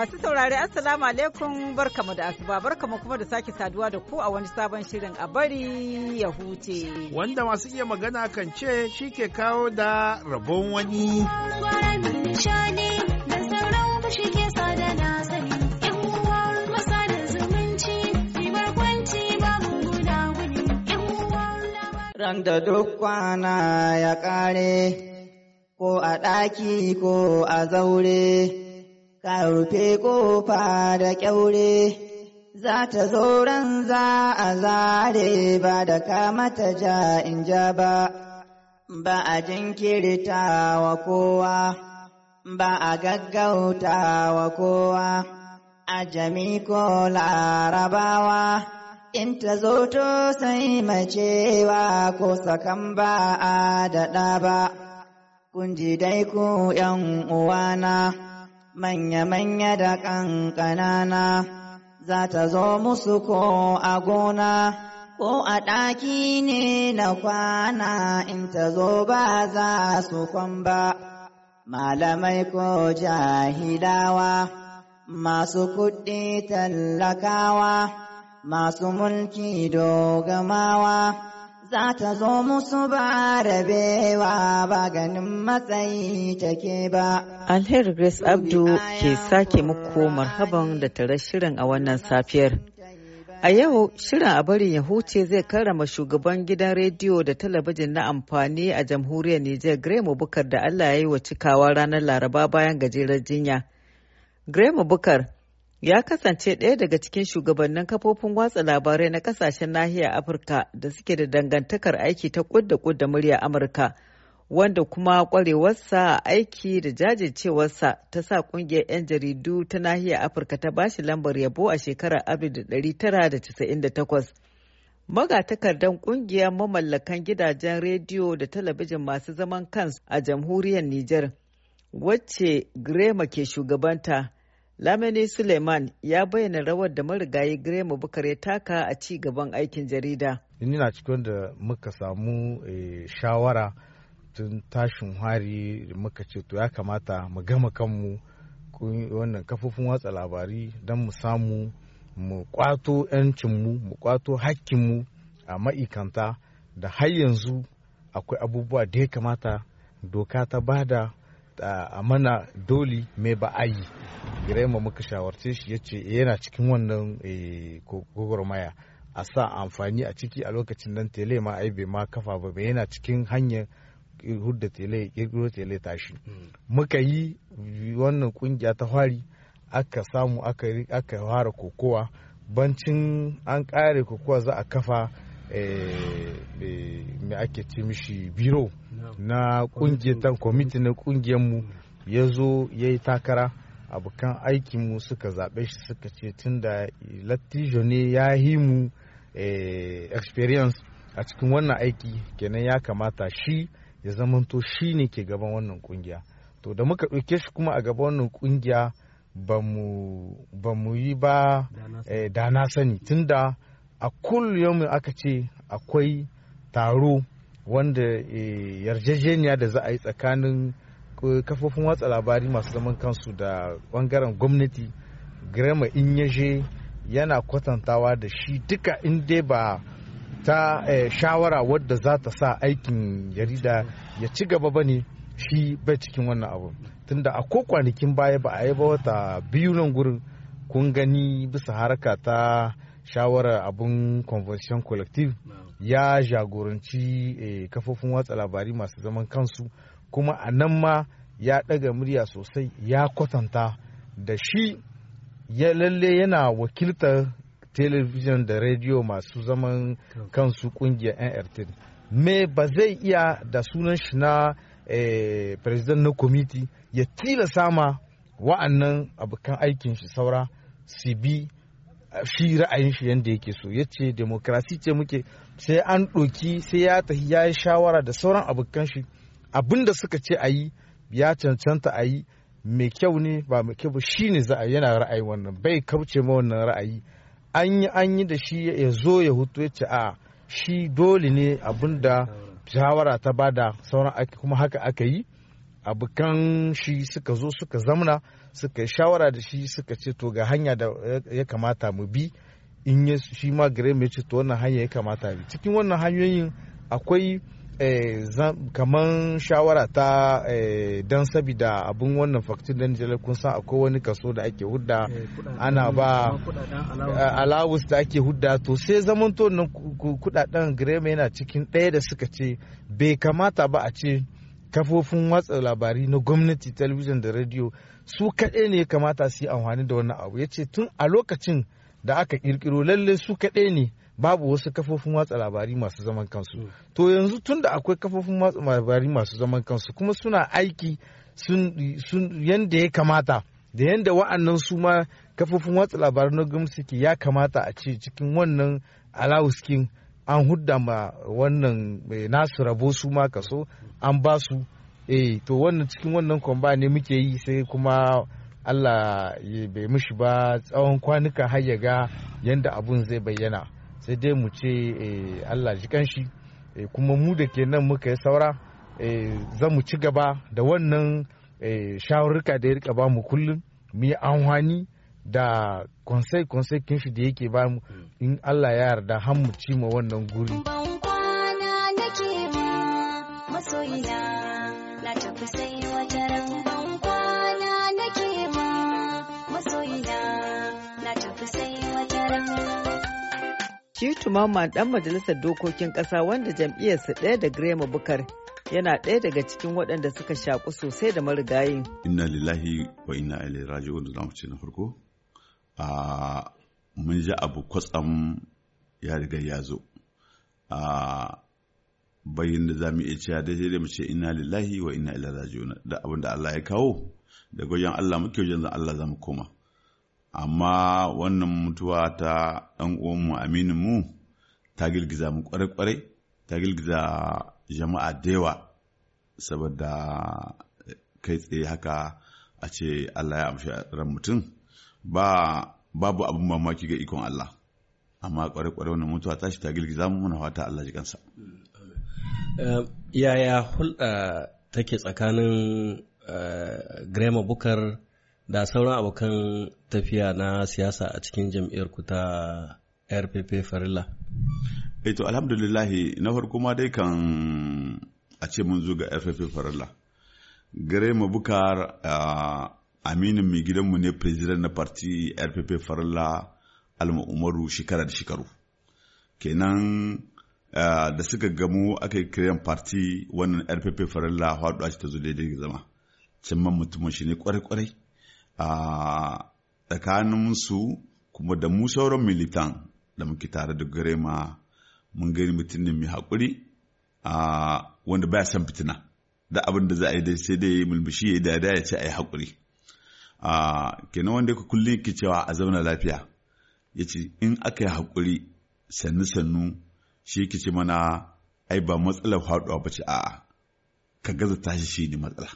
Masu saurari Assalamu alaikum barkamu da asuba barkamu kuma da sake saduwa da ku a wani sabon shirin a bari ya huce. Wanda masu iya magana kan ce shi ke kawo da rabon wani. Ran da duk kwana ya kare, ko a ɗaki ko a zaure. ka rufe kofa da ƙyaure, za ta zo ran za a zare ba da kamata ja in ja ba, ba a jinkirta wa kowa, ba a gaggauta wa kowa, a jami ko larabawa, in ta zo to sai macewa ko sakan ba a daɗa ba, kun ji dai ku ’yan uwana. manya-manya da ƙanƙanana, za ta zo musu ko a gona, ko a ɗaki ne na kwana in ta zo ba za su kwamba. malamai ko jahilawa, masu kuɗi tallakawa, masu mulki dogamawa. za zo musu ba rabewa ba ganin matsayi take ba. Alheri Grace Abdu ke sake muku marhaban da tare shirin a wannan safiyar. A yau shirin a barin ya huce zai karrama shugaban gidan rediyo da talabijin na amfani a jamhuriyar Nijar Gremo Bukar da Allah ya yi wa cikawa ranar Laraba bayan gajeren jinya. Gremo Bukar ya kasance ɗaya daga cikin shugabannin kafofin watsa labarai na ƙasashen nahiyar afirka da suke da dangantakar aiki ta kudda kudda murya amurka wanda kuma kwarewarsa aiki da jajircewarsa ta sa kungiyar 'yan jaridu ta nahiyar afirka ta bashi lambar yabo a shekarar takwas magatakardan kungiyar mamallakan gidajen rediyo da talabijin masu zaman kansu a jamhuriyar niger wacce grema ke shugabanta Lamini Suleiman ya bayyana rawar da marigayi Grema Bukar ya taka a ci gaban aikin jarida. Ni na cikin da muka samu eh, shawara tun tashin hari muka ce to ya kamata mu gama kanmu wannan kafofin watsa labari don mu samu mu kwato 'yancinmu mu kwato hakkinmu a ma'ikanta da har yanzu akwai abubuwa da ya kamata doka ta bada a mana doli me ba a yi girema muka shawarce shi ya ce eh, yana cikin wannan eh, gwagwarmaya a sa amfani a ciki a lokacin nan tele ma ai bai ma kafa ba bai yana cikin hanyar hudda tele kirkiro tele tashi hmm. muka yi wannan kungiya ta hwari aka samu aka fara kokowa bancin an kare kokowa za a kafa Eh, eh, mai ake ce mishi biro na kungiyar kwamiti na mu ya zo ya yi takara abokan mu suka zaɓe shi suka ce tun da lattijo ne ya yi mu eh, experience a cikin wannan aiki kenan ya kamata shi ya zamanto shi ne ke gaban wannan kungiya to da muka ɗauke shi kuma a gaban wannan kungiya ba mu yi ba da na sani tunda a kullum aka ce akwai taro wanda eh, yarjejeniya da za a yi tsakanin eh, kafofin watsa labari masu zaman kansu da bangaren gwamnati grema in yaje yana kwatantawa da shi duka in dai ba ta eh, shawara wadda za ta sa aikin yarida ya ci gaba ba ne shi bai cikin wannan abu tunda a ko kwanakin baya ba a yi ba wata biyu nan gurin kun gani bisa haraka ta shawarar abun convention collective ya jagoranci eh, kafofin watsa labari masu zaman kansu kuma a nan ma ya ɗaga murya sosai ya kwatanta da shi ya lalle yana wakiltar telebijin da radio masu zaman kansu kungiyar nrt me ba zai iya da sunan shi na eh, president na committee ya tilasa ma wa'annan abokan aikin shi saura su bi shi ra'ayin shi yadda yake so ya ce demokrasi ce muke sai an ɗoki sai ya tafi ya yi shawara da sauran abokan shi abin suka ce a yi ya cancanta a yi mai kyau ne ba mai kyau ba shi ne za a yana ra'ayi wannan bai kauce ma wannan ra'ayi an yi an yi da shi ya zo ya hutu ya ce a shi dole ne abinda shawara ta bada sauran kuma haka aka yi abokan shi suka zo suka zamna suka yi shawara da shi suka ce to ga hanya da ya kamata mu bi in yi shi ma gare mai ce to wannan hanya ya kamata bi cikin wannan hanyoyin akwai eh, Kamar shawara ta eh, don sabida abin wannan faktin da nijar kun san akwai wani kaso da ake hudda eh, ana ba alawus da ake hudda to sai zamanto nan kudaden yana cikin ɗaya da suka ce bai kamata ba a ce kafofin watsa labari na gwamnati talabijin da rediyo su kaɗai ne ya kamata su yi amfani da wannan abu ya ce tun a lokacin da aka ƙirƙiro lallai su kaɗai ne babu wasu kafofin watsa labari masu zaman kansu mm. to yanzu tun da akwai kafofin watsa labari masu zaman kansu kuma suna aiki sun yanda ya kamata da yanda wa'annan su ma kafofin watsa labarai na gwamnati ya kamata a ce cikin wannan alawuskin an hudda ma wannan eh, nasu rabo su ma kaso an ba su eh to wannan cikin wannan kwamba ne muke yi sai kuma allah bai mishi ba tsawon kwanuka har ya ga yadda abun zai bayyana sai dai mu ce eh, allah ji kanshi eh, kuma mu da ke nan muka yi saura za mu ci gaba da wannan shawarruka da ya rika ba mu kullum mu yi anhwani da konsai-konsai kin shi da yake ba mu hmm. in Allah ya yarda har mu ci ma wannan guri. Kitu Mamman dan majalisar dokokin ƙasa wanda jam'iyyarsa ɗaya da Grema Bukar yana ɗaya daga cikin waɗanda suka shaku sosai da marigayin. Inna lillahi wa inna ilaihi raji'un da na farko a mun ji abu kwatsam ya riga ya zo a bayin da za mu iya cewa daidai da mu ce ina lillahi wa ina ilaihi raji'un da abin da Allah ya kawo da goyon Allah muke wajen Allah za mu koma amma wannan mutuwa ta ɗan uwanmu aminin mu ta girgiza mu kwarai-kwarai ta girgiza jama'a da yawa saboda kai tsaye haka a ce Allah ya amshi ran mutum ba babu abin mamaki ga ikon Allah amma kware kware wannan mutuwa tashi ta girgiza mu muna fata Allah ji kansa eh, yaya hulɗa take tsakanin eh, Grema Bukar da sauran abokan tafiya na siyasa a cikin jam'iyyar ku ta RPP Farilla eh to alhamdulillah na farko ma dai kan a ce mun zo ga RPP Farilla Grema Bukar ah, aminin mai gidanmu ne president na parti rpp farilla al umaru shekara da shekaru kenan da suka gamu aka yi kiran parti wannan rpp farilla haɗuwa ta zo daidai zama cimman mutumin shi ne kwarai-kwarai a tsakanin su kuma da mu sauran militan da muke tare da gare ma mun gani mutum ne mai haƙuri a wanda baya san fitina da abin da za a yi dai sai dai mulmushi ya yi dada ya ce a yi haƙuri kenan wanda ka kullum ke cewa a zauna lafiya ya ce in aka yi haƙuri sannu sannu shi ke ce mana ai ba matsalar faɗuwa ba ce a'a ka gaza tashi shi ne matsala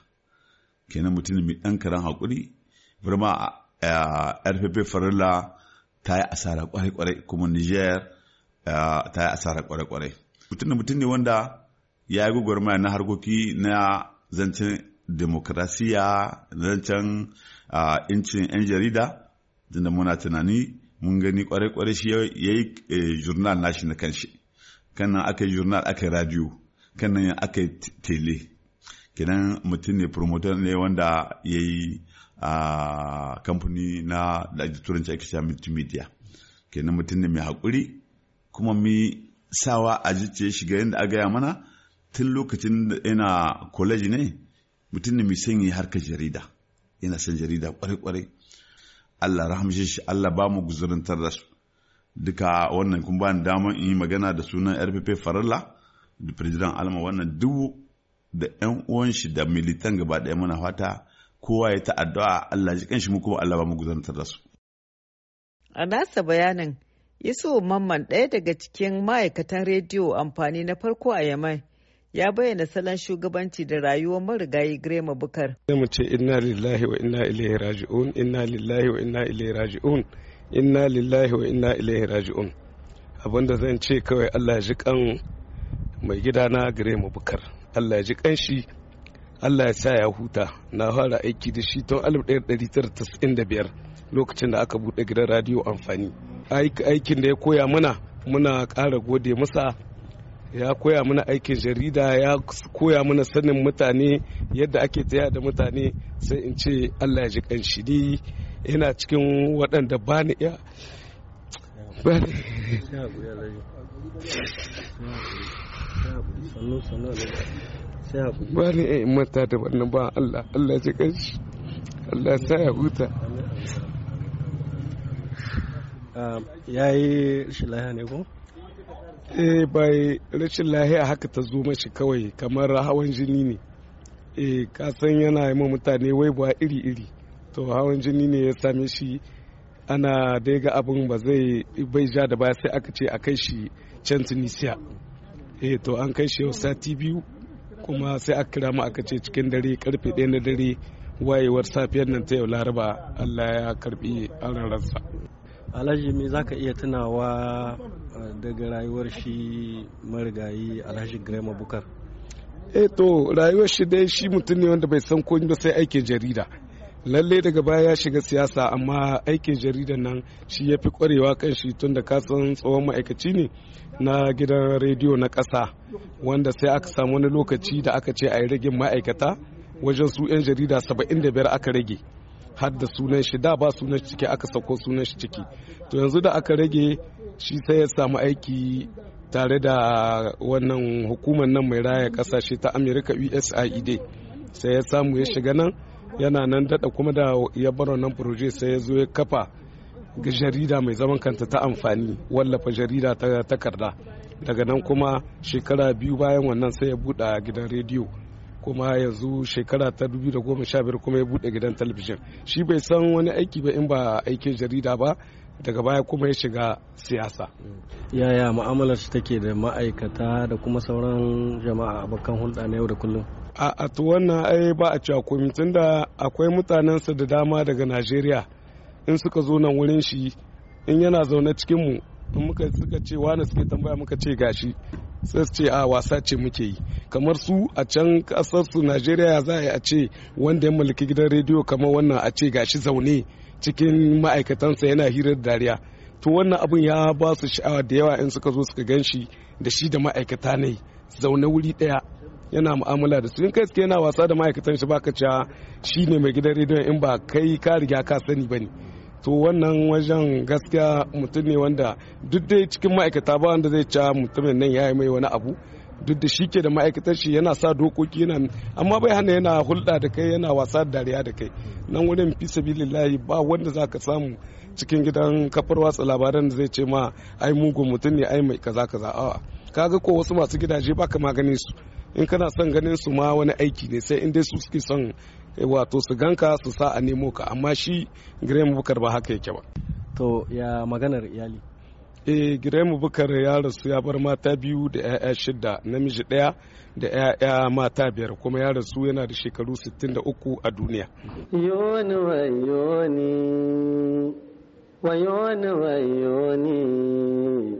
kenan mutum mai ɗan karan haƙuri birma a rpp farilla ta yi asara kwarai-kwarai kuma niger ta yi asara kwarai-kwarai mutum da mutum ne wanda ya yi gwagwarmaya na harkoki na zancen demokrasiya zancen a incin 'yan jarida tunda muna tunani mun gani kware-kware shi ya yi e, jurnal nashi na kanshi nan aka yi jurnal aka yi radio nan aka yi tele kenan mutum ne promoter ne wanda ya yi a kamfani na turanci ake cewa multimedia kenan mutum ne mai haƙuri kuma mi sawa a jice shiga yadda a gaya mana tun lokacin da yana kwaleji ne mutum ne mai sanyi harkar jarida yana shan jarida kwarai-kwarai Allah rahamshe shi Allah ba mu guzurantar da su duka wannan kun ba ni damar in yi magana da sunan rpp farilla da president alma wannan duk da yan uwan shi da militan gaba daya muna fata kowa ya ta'addu'a Allah ji kanshi mu kuma Allah ba mu gudanar da su a nasa bayanin Yusuf Mamman ɗaya daga cikin ma'aikatan rediyo amfani na farko a Yamai ya bayyana salon shugabanci da rayuwar marigayi Grema Bukar. Zai mu ce inna lillahi wa inna ilaihi raji'un inna lillahi wa inna ilaihi raji'un inna lillahi wa inna ilaihi raji'un abinda zan ce kawai Allah ji kan mai gidana Grema Bukar Allah ji kan shi Allah ya sa ya huta na fara aiki da shi tun 1995 lokacin da aka buɗe gidan radio amfani aikin da ya koya mana muna ƙara gode masa ya koya mana aikin jarida ya koya mana sanin mutane yadda ake taya da mutane sai in ce allah ya ji kanshi ni yana cikin waɗanda ba ni ya ba ni yi mata da wannan ba allah allah ya ji kanshi allah sa ya huta ah, ya yi shi ne ko eh bai rashin lahiya haka ta zo mashi kawai kamar hawan jini ne eh kasan yana yi ma mutane waibuwa iri-iri to hawan jini ne ya same shi ana dai abin ba zai bai ja da baya sai aka ce a kai shi can tunisia e to an kai shi yau sati biyu kuma sai aka kira mu aka ce cikin dare karfe ɗaya na dare wayewar safiyar nan ta yau laraba allah ya karbi an rarrasa alhaji me zaka iya tunawa daga rayuwar shi marigayi alhaji grema bukar eh to rayuwar shi dai shi mutum ne wanda bai san komai ba sai aikin jarida lalle daga baya ya shiga siyasa amma aikin jaridan nan shi ya fi kwarewa kan shi tun da kasan tsohon ma'aikaci ne na gidan rediyo na ƙasa wanda sai aka samu wani lokaci da aka ce a yi ragin ma'aikata wajen su 'yan jarida 75 aka rage har da sunan shi da ba sunan shi ciki aka sauko sunan shi ciki to yanzu da aka rage shi sai ya samu aiki tare da wannan hukumar nan mai raya kasashe ta amerika usaid e sai ya samu ya shiga nan yana nan daɗa kuma da ya bar wannan proje sai ya zo ya kafa jarida mai zaman kanta ta amfani wallafa jarida ta takarda daga nan kuma shekara biyu bayan wannan sai ya buɗe gidan rediyo kuma yanzu shekara ta goma sha biyar kuma ya bude gidan talabijin shi bai san wani aiki ba in ba aikin jarida ba daga baya kuma ya shiga siyasa yaya mu'amalar shi take da ma'aikata da kuma sauran jama'a abokan hulɗa na yau da kullum a to wannan ai ba a cewa tun tunda akwai mutanensa da dama daga najeriya in suka zo nan wurin shi in yana zaune cikin mu in muka suka ce wani suke tambaya muka ce gashi sai ce a wasa ce muke yi kamar su a can kasar su najeriya za a ce wanda ya mulki gidan rediyo kamar wannan a ce gashi zaune cikin ma'aikatansa yana hirar dariya to wannan abun ya ba su sha'awa da yawa in suka zo suka gan shi da shi da ma'aikata ne zaune wuri daya yana mu'amala da su in kai suke yana wasa da ma'aikatan shi baka cewa shi ne mai gidan rediyo in ba kai ka riga ka sani ba ne to wannan wajen gaskiya mutum ne wanda duk dai cikin ma'aikata ba wanda zai ca ah, mutumin nan ya yi mai wani abu duk da shi ke da ma'aikatar shi yana sa dokoki yana amma bai hana yana hulɗa da kai yana wasa da dariya da kai nan wurin fi sabilillahi ba wanda za ka samu cikin gidan kafar watsa labaran da zai ce ma ai mugun mutum ne ai mai kaza kaza awa kaga ko wasu masu gidaje baka ganin su in kana son ganin su ma wani aiki ne sai in dai su suke son wato su ganka su sa a nemo ka amma shi Graham Bukar ba haka yake ba to ya maganar iyali eh Graham Bukar ya rasu ya bar mata biyu da 'ya'ya shida namiji ɗaya da 'ya'ya mata biyar kuma ya rasu yana da shekaru 63 a duniya yoni wayoni wayoni wayoni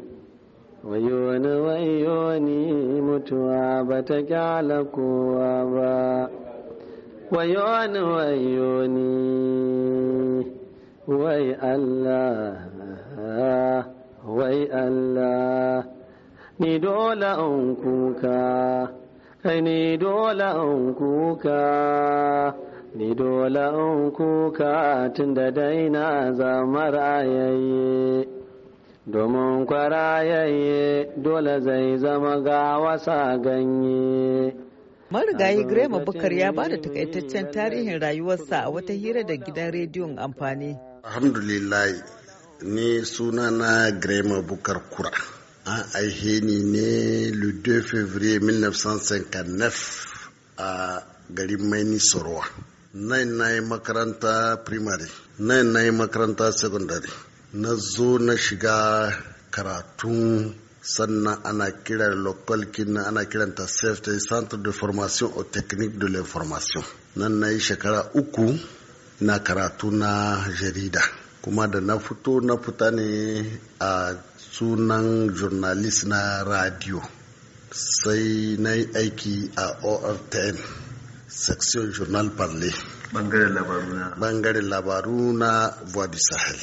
wayoni wayoni mutuwa bata kyala kowa ba Wai wayoni wai yoni wai Allah wai Allah ni dole in kuka kai ni dole in kuka ni dole in kuka tun da daina zamar ayayye domin kwarayayye dole zai zama ga wasa ganye marigayi grema bukar ya ba da takaitaccen tarihin rayuwarsa a wata hira da gidan rediyon amfani Alhamdulillah ni suna na grema bukar kura an aihe ni ne le 2 février 1959 a garin maini sorowa nan na yi makaranta primary nan na yi makaranta secondary na zo na shiga karatun sannan ana kira local kinna ana kiranta safety centre de formation au technique de l'information nan na shekara uku na karatu na jarida kuma da na fito na fita ne a sunan journalist na radio sai na yi aiki a 10 section journal parle bangaren labaru na voie du sahel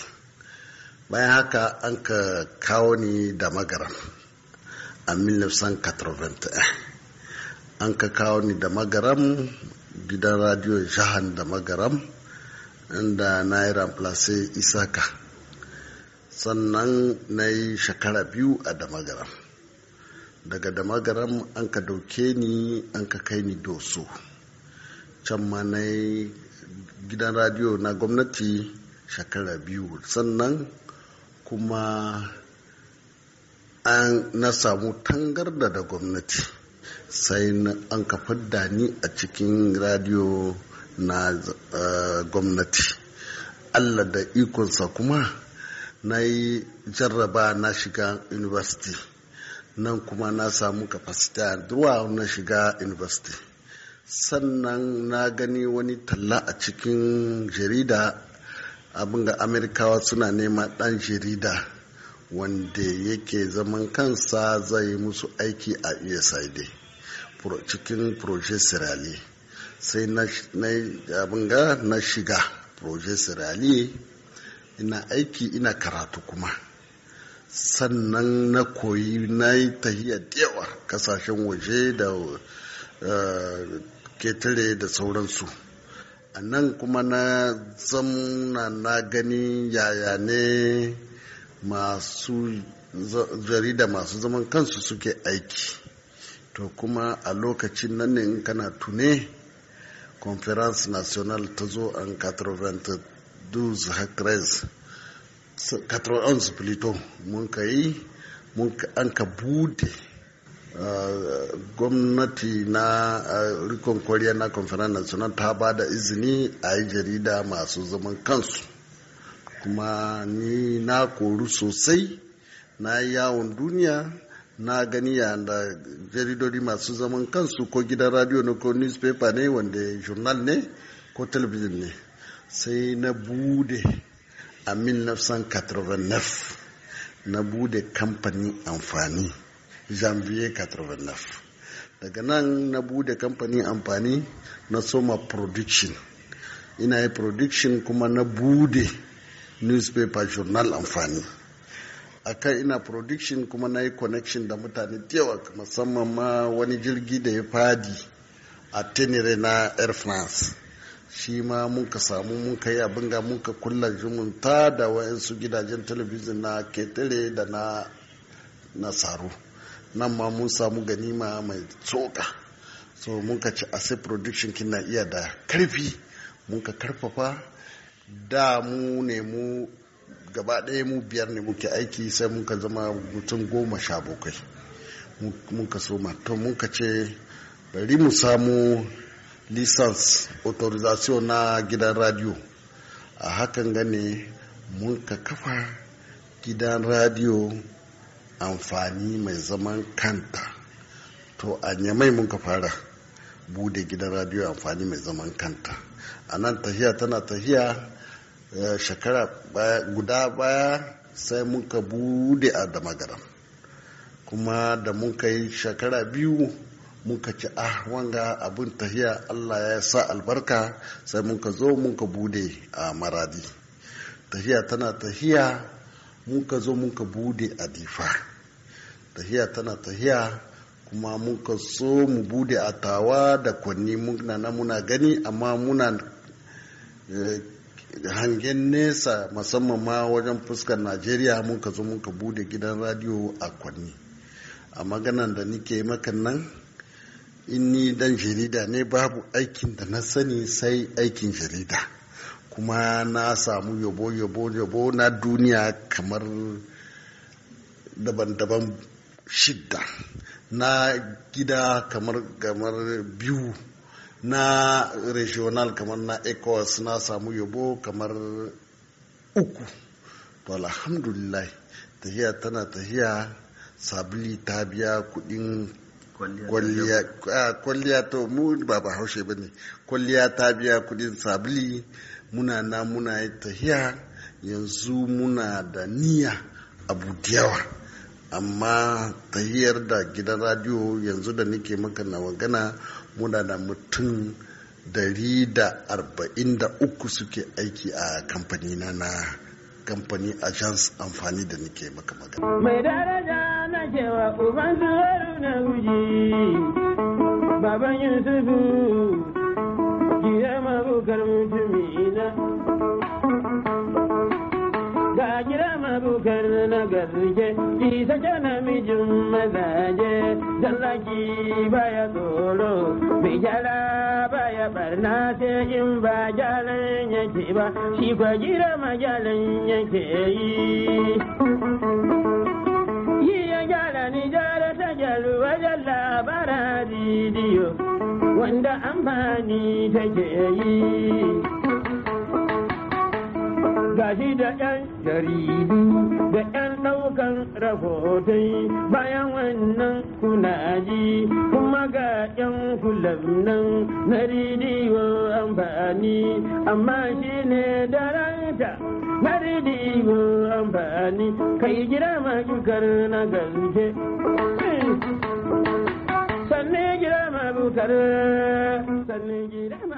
bayan haka an ka kawo ni da magaran a 1980 an ka kawo ni da magaram gidan radio jahan da magaram inda na yi ramplace isaka sannan na yi shekara biyu a da daga da magaram an ka dauke ni an ka kai ni doso can ma na yi gidan radio na gwamnati shekara biyu sannan kuma an na samu tangarda da gwamnati sai an kafar da ni a cikin radiyo na eh, gwamnati allah da ikonsa kuma na yi jarraba na shiga university nan kuma na samu kafasita duwa na shiga university sannan na gani wani talla a cikin jarida abin ga amerikawa suna nema ɗan jarida wanda yake zaman kansa zai yi musu aiki a usaid e cikin proje sirali sai na abin na shiga proje sirali ina aiki ina karatu kuma sannan na koyi na yi tahiya yawa kasashen waje da eh, ketare da sauransu a nan kuma na zamna na gani yaya ne masu jarida masu zaman kansu suke aiki to kuma a lokacin nan ne in kana tune conference national ta zo an 92 hackres 91 plito mun ka yi an ka bude gwamnati na rikon koriya na conference national ta ba da izini a yi jarida masu zaman kansu kuma ni na koru sosai na yawon duniya na gani da jaridodi masu zaman kansu ko gidan radio ne ko newspaper ne wanda journal ne ko television ne sai na bude a 1989 na bude kamfanin amfani janvier 89 daga nan na bude kamfanin amfani na soma production ina yi production kuma na bude newspaper journal amfani a akan ina production kuma na yi connection da mutane yawa musamman ma wani jirgi da ya fadi a tenere na air france shi ma mun ka samu mun ka yi abin ga ka kulla zumunta da wayansu gidajen talabijin na ketare da na nasaru nan ma mun samu ganima mai tsoka so mun ka ci asset production kin iya da karfi mun ka karfafa da mu ne mu gaba ɗaya mu biyar ne muke aiki sai mun ka zama mutum goma sha bakwai mun ka soma to mun ka ce bari mu samu lisans autorisation na gidan radio a hakan gane mun ka kafa gidan radio amfani mai zaman kanta to a nyamai mun ka fara bude gidan radiyo amfani mai zaman kanta a nan tahiya tana tahiya eh, shekara guda baya sai mun ka bude a damagaram kuma da mun ka yi shekara biyu mun ka ci ah wanga abin tahiya allah ya sa albarka sai mun ka zo mun ka bude a maradi tahiya tana tahiya mun ka zo mun ka bude a difa tahiya tana tahiya kuma muka so mu bude a tawa da kwanni muna na muna gani amma muna eh, hangen nesa musamman ma wajen fuskar najeriya muka zo muka bude gidan radiyo a kwanni a maganan da nike maka nan in ni dan jarida ne babu aikin da na sani sai aikin jarida kuma na samu yabo yabo yabo na duniya kamar daban-daban shidda na gida kamar kamar biyu na regional kamar na ecowas na samu yabo kamar uku to alhamdulillah tahiya tana tahiya sabili ta biya kudin kwalliya to mu ba ba haushe ba ne kwalliya ta biya kudin sabili muna na muna tahiya yanzu muna da niyya abu diyawa. amma tahiyar da gidan radiyo yanzu da nake maka na magana muna da mutum 143 suke aiki a kamfani na na kamfani agence amfani da nake maka magana mai daraja na cewa uban su na guji baban yusufu gidan mabukar mutumi na daukar na gaske ki sake namijin mazaje zallaki baya tsoro mai gyara baya barna sai in ba gyaran yake ba shi kwa gira ma gyaran yake yi yi ya gyara ni jara ta gyaru wajen labara rediyo wanda amfani take yi. gashi da 'yan jaridu da 'yan ɗaukan rahotai bayan wannan kuna ji kuma ga 'yan kulam nan na ridiyo amfani amma shi ne daranta na ridiyo amfani kai gida makikar na gaske sannan gida mabukar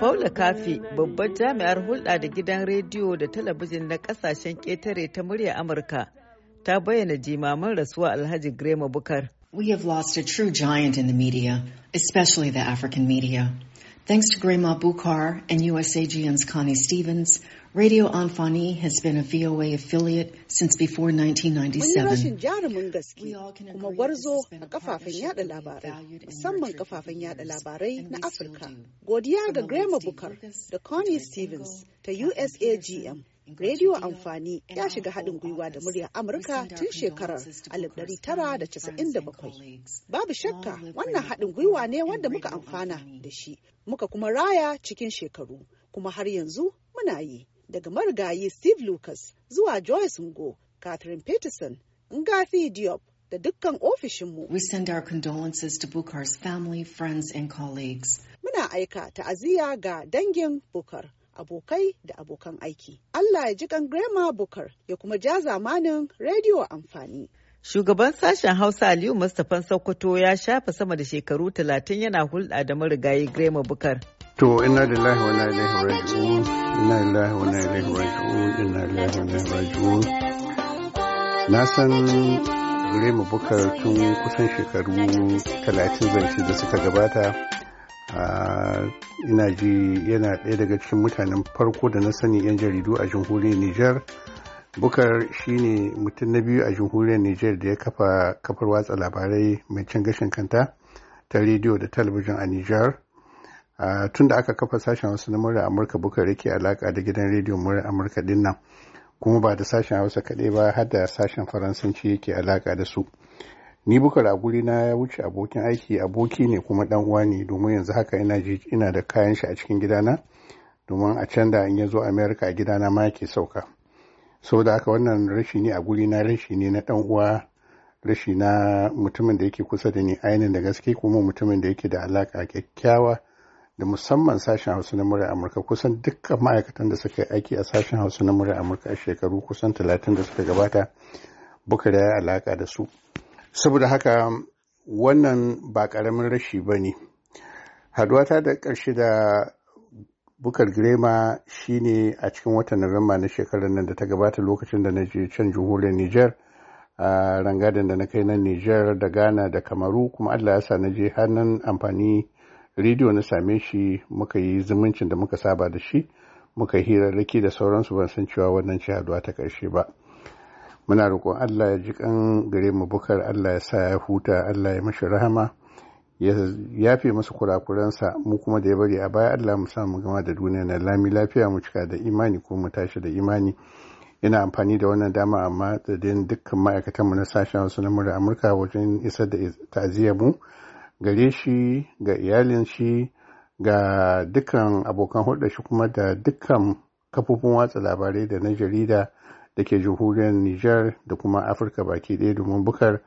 Paula Kafi babbar jami'ar hulɗa da gidan rediyo da talabijin na ƙasashen ƙetare ta murya Amurka ta bayyana jimamin rasuwa Alhaji Grema Bukar. We have lost a true giant in the media, especially the African media. Thanks to Grandma Bukhar and USAGM's Connie Stevens, Radio Anfani has been a VOA affiliate since before 1997. We all can agree that gwarzo a kafafen yada labarai, musamman kafafen yada labarai na Grandma Bukhar Connie Stevens USAGM Rediyo amfani ya shiga haɗin gwiwa da muryar Amurka tun shekarar 1997. Babu shakka wannan haɗin gwiwa ne wanda muka amfana da shi, muka kuma raya cikin shekaru, kuma har yanzu muna yi. Daga marigayi Steve Lucas zuwa Joyce Ngo, Catherine Peterson, Ngathi Diop, da dukkan ofishinmu. We send our condolences to Bukar's family, friends and colleagues. Muna aika ta'aziyya ga dangin Bukar. abokai da abokan aiki. Allah ya ji kan Grandma Bukar ya kuma ja zamanin rediyo amfani. Shugaban sashen Hausa Aliyu Mustapha Sokoto ya shafa sama da shekaru talatin yana hulɗa da marigayi Grandma Bukar. To ina da lahi wani ilaihi da lahi wani ilaihi da lahi wani Na san Grandma Bukar tun kusan shekaru talatin zance da suka gabata. ina ji yana ɗaya daga cikin mutanen farko da na sani 'yan jaridu a jamhuriyar niger bukar shine mutum na biyu a jamhuriyar nijar da ya kafa kafar watsa labarai mai cin gashin kanta ta rediyo da talabijin a nijar tun da aka kafa sashen wasu na murar amurka bukar yake alaka da gidan rediyo murar amurka din kuma ba da sashen hausa kaɗai ba har da sashen faransanci yake alaka da su ni bukar guri na ya wuce abokin aiki aboki ne kuma dan uwa ne domin yanzu haka ina ina da kayan shi a cikin gidana domin a can da in ya zo america a gidana ma yake sauka saboda haka wannan rashi ne a guri na rashi ne na dan uwa rashi na mutumin da yake kusa da ni ainihin da gaske kuma mutumin da yake da alaka kyakkyawa da musamman sashen hausa na murya amurka kusan dukkan ma'aikatan da suka yi aiki a sashen hausa na murya amurka a shekaru kusan talatin da suka gabata bukari ya yi alaka da su saboda haka wannan ba karamin rashi ba ne haduwata da ƙarshe da bukar grema shine a cikin watan novemba na shekarar nan da ta gabata lokacin da na je can jamhuriyar niger a rangadin da na kai nan niger da ghana da kamaru kuma allah ya sa na je hannun amfani rediyo na same shi muka yi zumuncin da muka saba da shi muka hirarraki da sauransu ban san cewa wannan ce haduwa ta karshe ba muna roƙon Allah ya ji kan gare mu bukar Allah ya sa ya huta Allah ya mashi rahama ya yafe masa kurakuransa mu kuma da ya bari a baya Allah mu samu gama da duniya na lami lafiya mu cika da imani ko mu tashi da imani ina amfani da wannan dama amma da dukkan ma'aikatan mu na sashen wasu na murar Amurka wajen isa da ta'aziyya mu gare shi ga iyalin shi ga dukkan abokan hulɗar shi kuma da dukkan kafofin watsa labarai da na jarida da ke jamhuriyar Nijar da kuma Afirka baki ɗaya domin bukar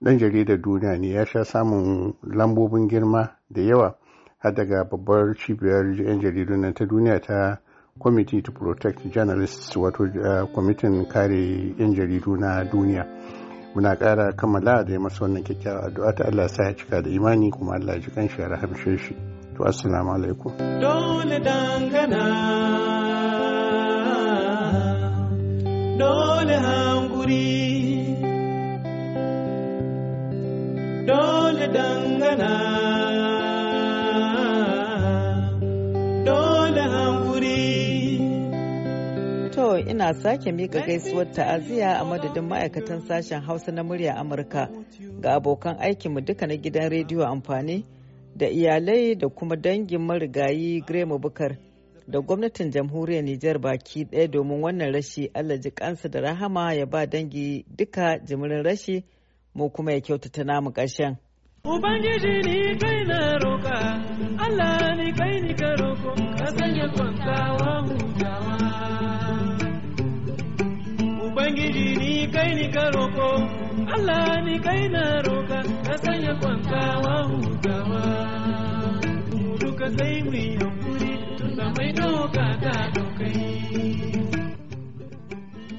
ɗan jaridar duniya ne ya sha samun lambobin girma da yawa har daga babbar cibiyar 'yan jaridu na ta duniya ta committee to protect journalists wato eh, kwamitin kare 'yan jaridu na duniya muna ƙara kammala da ya masa wannan kyakkyawa addu'a ta Allah sa ya cika da imani kuma Allah ji kan shi ya rahamshe shi to assalamu alaikum dole dangana dole hankuri dole dangana dole hankuri to ina sake mika gaisuwar ta'aziyya a madadin ma'aikatan sashen hausa na murya amurka ga abokan aikinmu duka na gidan rediyo amfani da iyalai da kuma dangin marigayi gremu bukar da gwamnatin jamhuriyar Nijar baki ɗaya domin wannan rashi Allah ji kansa da rahama ya ba dangi duka jimirin rashi mu kuma ya kyautata namu ƙarshen. Ubangiji ni kai na roƙa, Allah ni kai ni ka roƙo, ka sanya kwantawa hutawa. Ubangiji ni kai ni ka roƙo, Allah ni kai na roƙa, ka sanya kwantawa hutawa. Mu duka sai mu yi gada da